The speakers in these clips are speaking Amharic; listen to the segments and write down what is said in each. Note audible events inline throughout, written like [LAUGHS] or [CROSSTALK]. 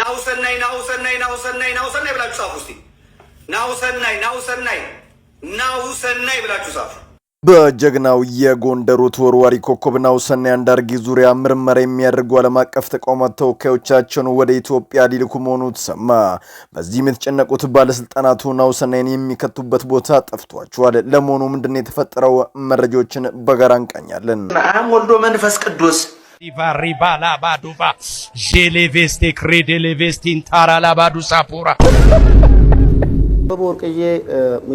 ናውሰናይ ናውሰናይ ናውሰናይ ናውሰናይ ብላችሁ ጻፉ እስቲ። ናውሰናይ ናውሰናይ ናውሰናይ ብላችሁ ጻፉ። በጀግናው የጎንደሩ ተወርዋሪ ኮከብ ናሁሰናይ አንዳርጌ ዙሪያ ምርመራ የሚያደርጉ ዓለም አቀፍ ተቋማት ተወካዮቻቸውን ወደ ኢትዮጵያ ሊልኩ መሆኑ ተሰማ። በዚህም የተጨነቁት ባለስልጣናቱ ናሁሰናይን የሚከቱበት ቦታ ጠፍቷቸዋል። ለመሆኑ ምንድን ነው የተፈጠረው? መረጃዎችን በጋራ እንቃኛለን። አብ ወልዶ መንፈስ ቅዱስ ዲቫ ሪባ ላባዱባ ዤሌቬስቴ ክሬዴሌቬስቲን ታራ ላባዱ ሳፖራ አበበ ወርቅዬ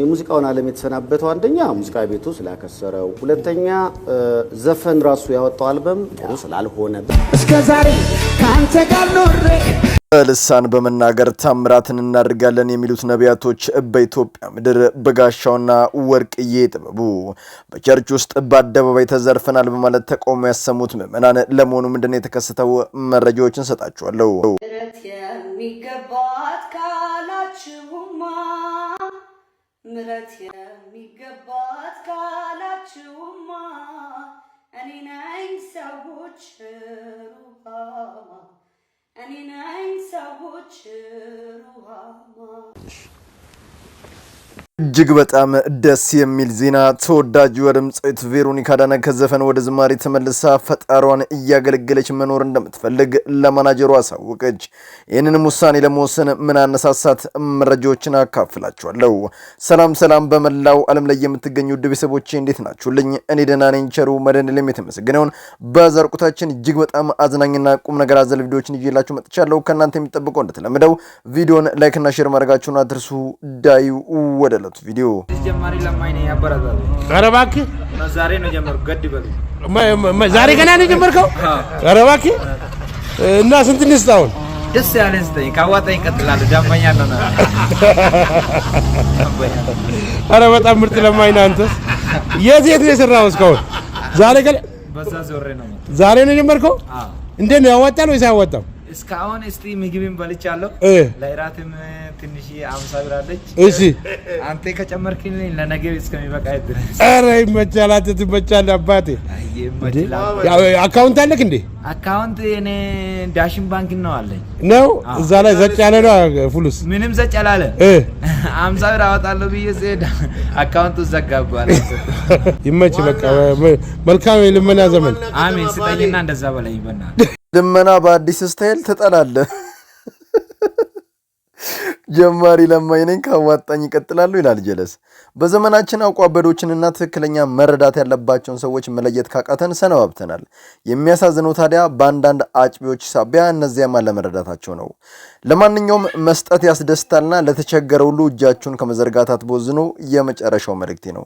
የሙዚቃውን ዓለም የተሰናበተው አንደኛ ሙዚቃ ቤቱ ስላከሰረው፣ ሁለተኛ ዘፈን ራሱ ያወጣው አልበም ጥሩ ስላልሆነ እስከዛሬ ከአንተ ጋር ኖሬ በልሳን በመናገር ታምራትን እናደርጋለን የሚሉት ነቢያቶች በኢትዮጵያ ምድር በጋሻውና ወርቅዬ ጥበቡ በቸርች ውስጥ በአደባባይ ተዘርፈናል በማለት ተቃውሞ ያሰሙት ምዕመናን ለመሆኑ ምንድን ነው የተከሰተው? መረጃዎችን ሰጣችኋለሁ። ምሕረት የሚገባት ካላችሁማ ምሕረት የሚገባት ካላችሁማ እኔ ነኝ ሰዎች ሩሃ እኔ ነኝ zabočerowana እጅግ በጣም ደስ የሚል ዜና! ተወዳጁ ድምፃዊት ቬሮኒካ ዳነ ከዘፈን ወደ ዝማሬ ተመልሳ ፈጣሯን እያገለገለች መኖር እንደምትፈልግ ለማናጀሩ አሳወቀች። ይህንንም ውሳኔ ለመወሰን ምን አነሳሳት? መረጃዎችን አካፍላችኋለሁ። ሰላም ሰላም! በመላው ዓለም ላይ የምትገኙ ውድ ቤተሰቦች እንዴት ናችሁልኝ? እኔ ደህና ነኝ። ቸሩ መድኃኔዓለም የተመሰገነውን። በዘርቁታችን እጅግ በጣም አዝናኝና ቁም ነገር አዘል ቪዲዮዎችን ይዤላችሁ መጥቻለሁ። ከእናንተ የሚጠብቀው እንደተለመደው ቪዲዮን ላይክና ሼር ማድረጋችሁን አትርሱ። ዳዩ ወደለ ያሉት ቪዲዮ ጀማሪ ኧረ እባክህ ዛሬ ነው ጀመርኩ። ገድ በሉ ዛሬ ገና ነው ጀመርከው? ኧረ እባክህ እና ስንት እንስጥ አሁን ደስ ያለ ስጠኝ፣ ካዋጣኝ ይቀጥላል። ደንበኛ ነው። [LAUGHS] ኧረ በጣም ምርጥ ለማኝ ነህ አንተስ። የት የት ነው የሰራኸው እስካሁን? ዛሬ ገለ ዛሬ ነው ጀመርከው? እንዴት ነው ያዋጣል ወይስ አያዋጣም? እስካሁን እስቲ ምግብን በልቻለሁ። ለእራትም ትንሽ አምሳ ብር አለች። እሺ አንተ ከጨመርክኝ ለነገ እስከሚበቃ ድረስ። ኧረ ይመቻል፣ አንተ ትመቻለህ አባቴ። አካውንት አለክ እንዴ? አካውንት እኔ ዳሽን ባንክ ነው አለኝ። ነው እዛ ላይ ዘጭ ያለ ነው ፉሉስ ምንም ዘጭ ያላለ [LAUGHS] አምሳ ብር አወጣለሁ ብዬ ስሄድ አካውንቱ ዘጋባል። [LAUGHS] ይመች በቃ መልካም የልመና ዘመን። አሜን ስጠኝና እንደዛ በላይ ይበናል። ልመና በአዲስ ስታይል ትጠላለህ። ጀማሪ ለማኝ ነኝ ካዋጣኝ ይቀጥላሉ ይላል ጀለስ። በዘመናችን አውቋበዶችንና ትክክለኛ መረዳት ያለባቸውን ሰዎች መለየት ካቃተን ሰነባብተናል። የሚያሳዝነው ታዲያ በአንዳንድ አጭቢዎች ሳቢያ እነዚያም አለመረዳታቸው ነው። ለማንኛውም መስጠት ያስደስታልና ለተቸገረ ሁሉ እጃችሁን ከመዘርጋት አትቦዝኑ የመጨረሻው መልእክቴ ነው።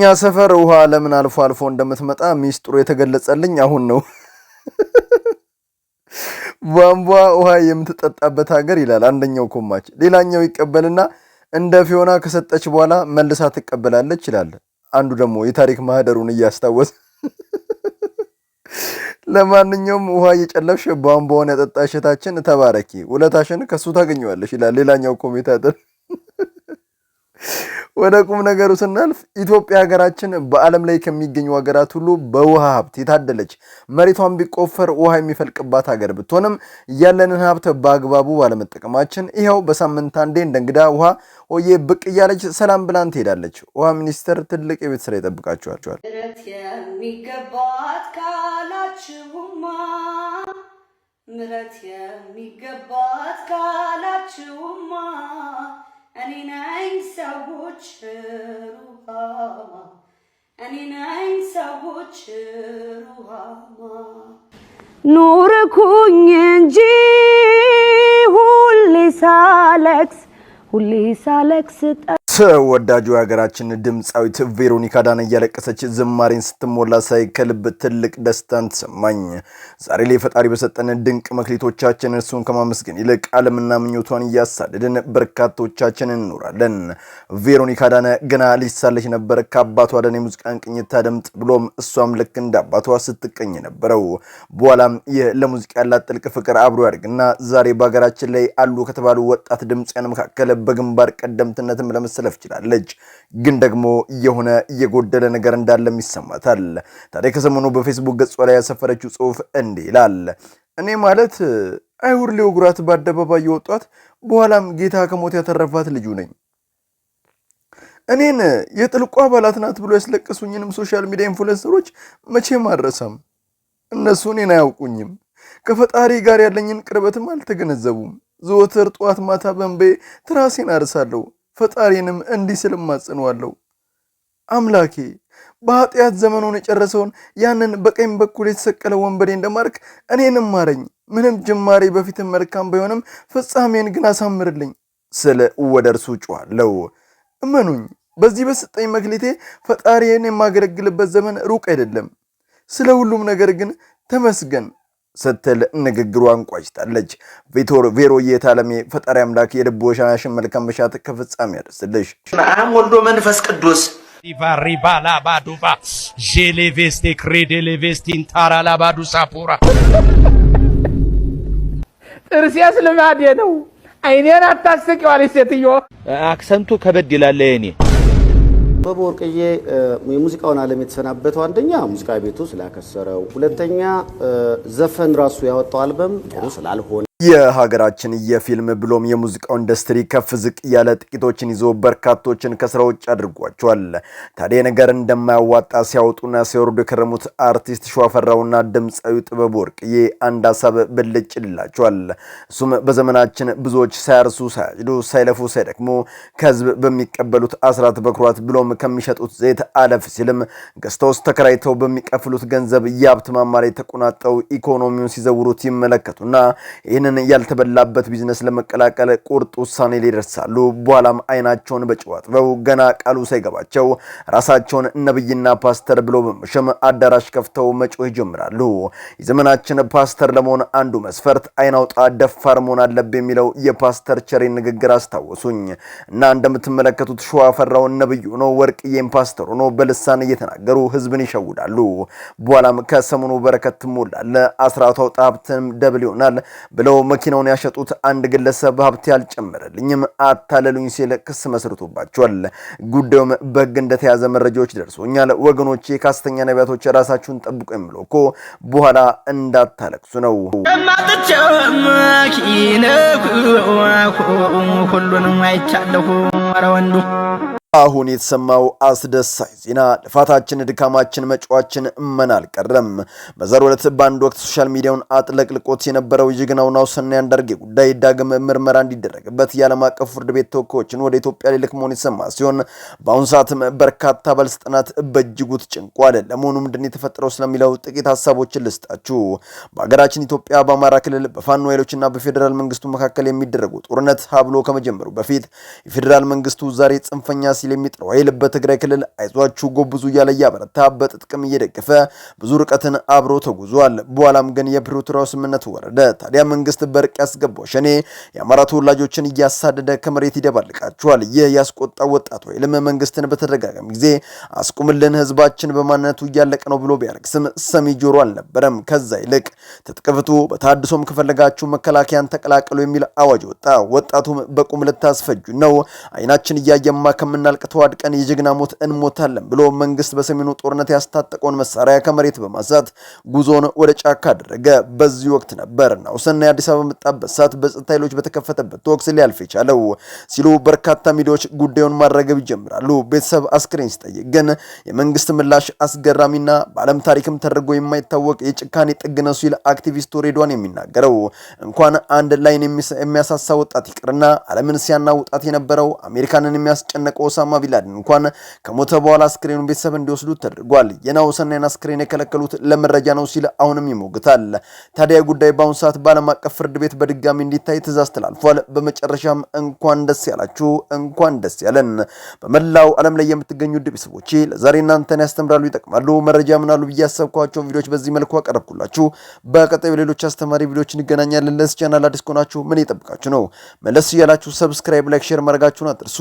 እኛ ሰፈር ውሃ ለምን አልፎ አልፎ እንደምትመጣ ሚስጥሩ የተገለጸልኝ አሁን ነው። [LAUGHS] ቧንቧ ውሃ የምትጠጣበት ሀገር ይላል አንደኛው ኮማች። ሌላኛው ይቀበልና እንደ ፊዮና ከሰጠች በኋላ መልሳ ትቀበላለች ይላል አንዱ ደግሞ የታሪክ ማህደሩን እያስታወሰ [LAUGHS] ለማንኛውም ውሃ ቧንቧን ቧንቧውን ያጠጣሽታችን ተባረኪ፣ ውለታሽን ከሱ ታገኘዋለሽ ይላል ሌላኛው ኮሜንታተር። [LAUGHS] ወደ ቁም ነገሩ ስናልፍ ኢትዮጵያ ሀገራችን በዓለም ላይ ከሚገኙ ሀገራት ሁሉ በውሃ ሀብት የታደለች መሬቷን ቢቆፈር ውሃ የሚፈልቅባት ሀገር ብትሆንም ያለንን ሀብት በአግባቡ ባለመጠቀማችን ይኸው በሳምንት አንዴ እንደ እንግዳ ውሃ ሆዬ ብቅ እያለች ሰላም ብላን ትሄዳለች። ውሃ ሚኒስቴር ትልቅ የቤት ስራ ይጠብቃችኋቸዋል። የሚገባት ካላችሁማ ምረት የሚገባት ካላችሁማ እኔ ሰዎች ሩሃማ እኔ ነኝ ሰዎች ሩሃማ እንጂ ሁሌ ሳለቅስ ሁሌ ሳለቅስ ተወዳጁ የሀገራችን ድምፃዊት ቬሮኒካ አዳነ እያለቀሰች ዝማሬን ስትሞላ ሳይ ከልብ ትልቅ ደስታን ተሰማኝ። ዛሬ ላይ ፈጣሪ በሰጠን ድንቅ መክሊቶቻችን እርሱን ከማመስገን ይልቅ ዓለምና ምኞቷን እያሳደድን በርካቶቻችን እንኖራለን። ቬሮኒካ አዳነ ገና ሊሳለች ነበር ከአባቷ አዳነ የሙዚቃን ቅኝት ታደምጥ ብሎም እሷም ልክ እንደ አባቷ ስትቀኝ ነበረው። በኋላም ይህ ለሙዚቃ ያላት ጥልቅ ፍቅር አብሮ ያድግና ዛሬ በሀገራችን ላይ አሉ ከተባሉ ወጣት ድምፅያን መካከል በግንባር ቀደምትነትም ለመሰለፍ ችላለች። ግን ደግሞ የሆነ የጎደለ ነገር እንዳለም ይሰማታል። ታዲያ ከሰሞኑ በፌስቡክ ገጿ ላይ ያሰፈረችው ጽሑፍ እንዲህ ይላል። እኔ ማለት አይሁድ ሊወግሯት በአደባባይ የወጧት በኋላም ጌታ ከሞት ያተረፋት ልጁ ነኝ። እኔን የጥልቁ አባላት ናት ብሎ ያስለቀሱኝንም ሶሻል ሚዲያ ኢንፍሉዌንሰሮች መቼም አልረሳም። እነሱ እኔን አያውቁኝም፣ ከፈጣሪ ጋር ያለኝን ቅርበትም አልተገነዘቡም። ዘወትር ጠዋት ማታ በንቤ ትራሴን አርሳለሁ፣ ፈጣሪንም እንዲህ ስል እማጽነዋለሁ። አምላኬ በኃጢአት ዘመኑን የጨረሰውን ያንን በቀኝ በኩል የተሰቀለ ወንበዴ እንደማርክ እኔንም ማረኝ። ምንም ጅማሬ በፊትም መልካም ባይሆንም ፍጻሜን ግን አሳምርልኝ ስለ ወደ እርሱ ጮኋለሁ። እመኑኝ በዚህ በሰጠኝ መክሊቴ ፈጣሪን የማገለግልበት ዘመን ሩቅ አይደለም። ስለ ሁሉም ነገር ግን ተመስገን ስትል ንግግሯን ቋጭታለች። ቪቶር ቬሮዬ ታለሜ ፈጣሪ አምላክ የልቦ ሻናሽን መልካም መሻት ከፍጻሜ ያደርስልሽ። አብ ወልዶ መንፈስ ቅዱስ ሪባላባዱባ ሌቬስቴ ክሬዴሌቬስቲ ንታራላባዱ ሳፖራ ጥርሴስ ልማዴ ነው። አይኔን አታስቂዋለች ሴትዮ። አክሰንቱ ከበድ ይላለ የኔ አበበ ወርቅዬ የሙዚቃውን ዓለም የተሰናበተው አንደኛ ሙዚቃ ቤቱ ስላከሰረው፣ ሁለተኛ ዘፈን ራሱ ያወጣው አልበም ጥሩ ስላልሆነ የሀገራችን የፊልም ብሎም የሙዚቃው ኢንዱስትሪ ከፍ ዝቅ እያለ ጥቂቶችን ይዞ በርካቶችን ከስራ ውጭ አድርጓቸዋል። ታዲያ ነገር እንደማያዋጣ ሲያወጡና ሲወርዱ የከረሙት አርቲስት ሸዋፈራውና ድምፃዊ ጥበብ ወርቅዬ አንድ ሀሳብ ብልጭ ይላቸዋል። እሱም በዘመናችን ብዙዎች ሳያርሱ ሳያጭዱ፣ ሳይለፉ ሳይደክሙ ከህዝብ በሚቀበሉት አስራት በኩራት ብሎም ከሚሸጡት ዘይት አለፍ ሲልም ገዝተው ተከራይተው በሚቀፍሉት ገንዘብ የሀብት ማማ ላይ ተቆናጠው ኢኮኖሚውን ሲዘውሩት ይመለከቱና ይህን ይህንን ያልተበላበት ቢዝነስ ለመቀላቀል ቁርጥ ውሳኔ ሊደርሳሉ። በኋላም አይናቸውን በጨዋ አጥበው ገና ቃሉ ሳይገባቸው ራሳቸውን ነብይና ፓስተር ብሎ በመሸም አዳራሽ ከፍተው መጮህ ይጀምራሉ። የዘመናችን ፓስተር ለመሆን አንዱ መስፈርት አይናውጣ ደፋር መሆን አለብ የሚለው የፓስተር ቸሪ ንግግር አስታወሱኝ እና እንደምትመለከቱት ሸዋ ፈራው ነብዩ ሆኖ ወርቅዬም ፓስተር ሆኖ በልሳን እየተናገሩ ህዝብን ይሸውዳሉ። በኋላም ከሰሞኑ በረከት ትሞላለ አስራቷው ጣብትም ደብል ይሆናል ብለው መኪናውን ያሸጡት አንድ ግለሰብ ሀብት ያልጨመረልኝም አታለሉኝ ሲል ክስ መስርቶባቸዋል። ጉዳዩም በሕግ እንደተያዘ መረጃዎች ደርሶኛል። ወገኖቼ ከሐሰተኛ ነቢያቶች ራሳችሁን ጠብቁ የምለው እኮ በኋላ እንዳታለቅሱ ነው። ሁሉንም አይቻለሁ። ኧረ ወንዱ አሁን የተሰማው አስደሳች ዜና ልፋታችን፣ ድካማችን፣ መጫዋችን እመን አልቀረም። በዘር ዕለት በአንድ ወቅት ሶሻል ሚዲያውን አጥለቅልቆት የነበረው ጀግናው ናሁሰናይ አንዳርጌ ጉዳይ ዳግም ምርመራ እንዲደረግበት የዓለም አቀፍ ፍርድ ቤት ተወካዮችን ወደ ኢትዮጵያ ሊልክ መሆን የተሰማ ሲሆን በአሁኑ ሰዓትም በርካታ ባለስልጣናት በእጅጉ ተጨንቋል። ለመሆኑ ምንድን የተፈጠረው ስለሚለው ጥቂት ሀሳቦችን ልስጣችሁ። በሀገራችን ኢትዮጵያ በአማራ ክልል በፋኖ ኃይሎችና በፌዴራል መንግስቱ መካከል የሚደረጉ ጦርነት ሀብሎ ከመጀመሩ በፊት የፌዴራል መንግስቱ ዛሬ ጽንፈኛ ሲል የሚጥረው ኃይል በትግራይ ክልል አይዟችሁ ጎብዙ እያለ እያበረታ በጥጥቅም እየደገፈ ብዙ ርቀትን አብሮ ተጉዟል። በኋላም ግን የፕሪቶሪያው ስምምነት ወረደ። ታዲያ መንግስት በእርቅ ያስገባው ሸኔ የአማራ ተወላጆችን እያሳደደ ከመሬት ይደባልቃቸዋል። ይህ ያስቆጣው ወጣቱ ኃይልም መንግስትን በተደጋጋሚ ጊዜ አስቁምልን፣ ህዝባችን በማንነቱ እያለቀ ነው ብሎ ቢያለቅስም ሰሚ ጆሮ አልነበረም። ከዛ ይልቅ ትጥቅፍቱ በታድሶም ከፈለጋችሁ መከላከያን ተቀላቀሉ የሚል አዋጅ ወጣ። ወጣቱም በቁም ልታስፈጁ ነው አይናችን እያየማ ከምና ስናልቅ ተዋድቀን የጀግና ሞት እንሞታለን ብሎ መንግስት በሰሜኑ ጦርነት ያስታጠቀውን መሳሪያ ከመሬት በማንሳት ጉዞን ወደ ጫካ አደረገ። በዚህ ወቅት ነበር ናሁሰናይ አዲስ አበባ በመጣበት ሰዓት በጸጥታ ኃይሎች በተከፈተበት ተኩስ ሊያልፍ የቻለው ሲሉ በርካታ ሚዲያዎች ጉዳዩን ማድረገብ ይጀምራሉ። ቤተሰብ አስክሬን ሲጠይቅ ግን የመንግስት ምላሽ አስገራሚና በዓለም ታሪክም ተደርጎ የማይታወቅ የጭካኔ ጥግ ነው ሲል አክቲቪስቱ ሬድዋን የሚናገረው እንኳን አንድ ላይን የሚያሳሳ ወጣት ይቅርና ዓለምን ሲያናውጣት የነበረው አሜሪካንን የሚያስጨነቀው ኡሳማ ቢላድን እንኳን ከሞተ በኋላ አስክሬኑን ቤተሰብ እንዲወስዱ ተደርጓል። የናሁሰናይን አስክሬን የከለከሉት ለመረጃ ነው ሲል አሁንም ይሞግታል። ታዲያ ጉዳይ በአሁኑ ሰዓት በዓለም አቀፍ ፍርድ ቤት በድጋሚ እንዲታይ ትዛዝ ተላልፏል። በመጨረሻም እንኳን ደስ ያላችሁ፣ እንኳን ደስ ያለን። በመላው ዓለም ላይ የምትገኙ ውድ ቤተሰቦቼ ለዛሬ እናንተን ያስተምራሉ፣ ይጠቅማሉ፣ መረጃ ምናሉ ብዬ ያሰብኳቸውን ቪዲዮዎች በዚህ መልኩ አቀረብኩላችሁ። በቀጣዩ ሌሎች አስተማሪ ቪዲዮዎች እንገናኛለን። ለዚህ ቻናል አዲስ ከሆናችሁ ምን ይጠብቃችሁ ነው መለስ እያላችሁ ሰብስክራይብ፣ ላይክ፣ ሼር ማድረጋችሁን አትርሱ።